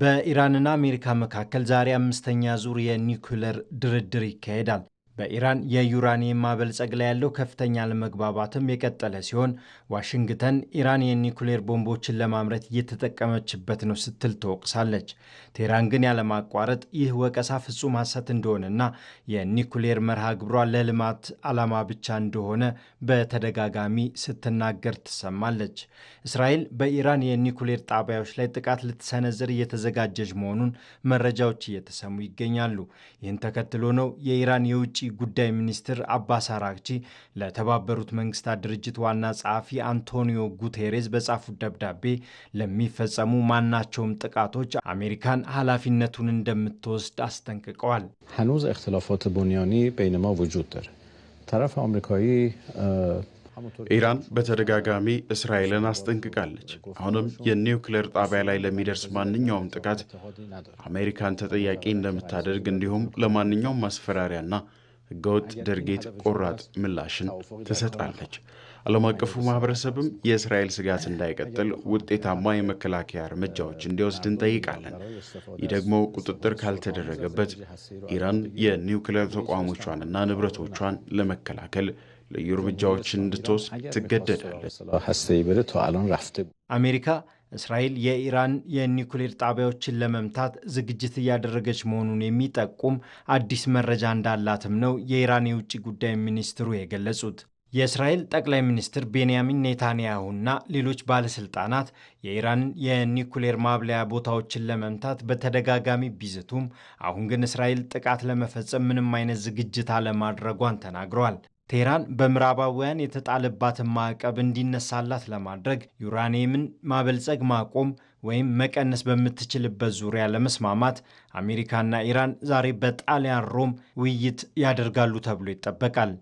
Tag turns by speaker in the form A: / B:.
A: በኢራንና አሜሪካ መካከል ዛሬ አምስተኛ ዙር የኒውክሌር ድርድር ይካሄዳል። በኢራን የዩራኒየም ማበልጸግ ላይ ያለው ከፍተኛ አለመግባባትም የቀጠለ ሲሆን ዋሽንግተን ኢራን የኒኩሌር ቦምቦችን ለማምረት እየተጠቀመችበት ነው ስትል ትወቅሳለች። ቴህራን ግን ያለማቋረጥ ይህ ወቀሳ ፍጹም ሐሰት እንደሆነና የኒኩሌር መርሃ ግብሯ ለልማት ዓላማ ብቻ እንደሆነ በተደጋጋሚ ስትናገር ትሰማለች። እስራኤል በኢራን የኒኩሌር ጣቢያዎች ላይ ጥቃት ልትሰነዝር እየተዘጋጀች መሆኑን መረጃዎች እየተሰሙ ይገኛሉ። ይህን ተከትሎ ነው የኢራን የውጭ ጉዳይ ሚኒስትር አባስ አራግቺ ለተባበሩት መንግስታት ድርጅት ዋና ጸሐፊ አንቶኒዮ ጉቴሬዝ በጻፉት ደብዳቤ ለሚፈጸሙ ማናቸውም ጥቃቶች አሜሪካን ኃላፊነቱን እንደምትወስድ አስጠንቅቀዋል።
B: ሀኑዝ እክትላፎት ቡንያኒ በይነማ ውጁድር ተረፍ አሜሪካዊ
C: ኢራን በተደጋጋሚ እስራኤልን አስጠንቅቃለች። አሁንም የኒውክሌር ጣቢያ ላይ ለሚደርስ ማንኛውም ጥቃት አሜሪካን ተጠያቂ እንደምታደርግ እንዲሁም ለማንኛውም ማስፈራሪያና ህገወጥ ድርጊት ቆራጥ ምላሽን ትሰጣለች። ዓለም አቀፉ ማህበረሰብም የእስራኤል ስጋት እንዳይቀጥል ውጤታማ የመከላከያ እርምጃዎች እንዲወስድ እንጠይቃለን። ይህ ደግሞ ቁጥጥር ካልተደረገበት ኢራን የኒውክሌር ተቋሞቿንና ንብረቶቿን ለመከላከል ልዩ እርምጃዎችን እንድትወስድ ትገደዳለች።
A: አሜሪካ እስራኤል የኢራን የኒውክሌር ጣቢያዎችን ለመምታት ዝግጅት እያደረገች መሆኑን የሚጠቁም አዲስ መረጃ እንዳላትም ነው የኢራን የውጭ ጉዳይ ሚኒስትሩ የገለጹት። የእስራኤል ጠቅላይ ሚኒስትር ቤንያሚን ኔታንያሁና ሌሎች ባለስልጣናት የኢራን የኒውክሌር ማብለያ ቦታዎችን ለመምታት በተደጋጋሚ ቢዝቱም አሁን ግን እስራኤል ጥቃት ለመፈጸም ምንም አይነት ዝግጅት አለማድረጓን ተናግረዋል። ቴህራን በምዕራባውያን የተጣለባትን ማዕቀብ እንዲነሳላት ለማድረግ ዩራኒየምን ማበልጸግ ማቆም ወይም መቀነስ በምትችልበት ዙሪያ ለመስማማት አሜሪካና ኢራን ዛሬ በጣሊያን ሮም ውይይት ያደርጋሉ ተብሎ ይጠበቃል።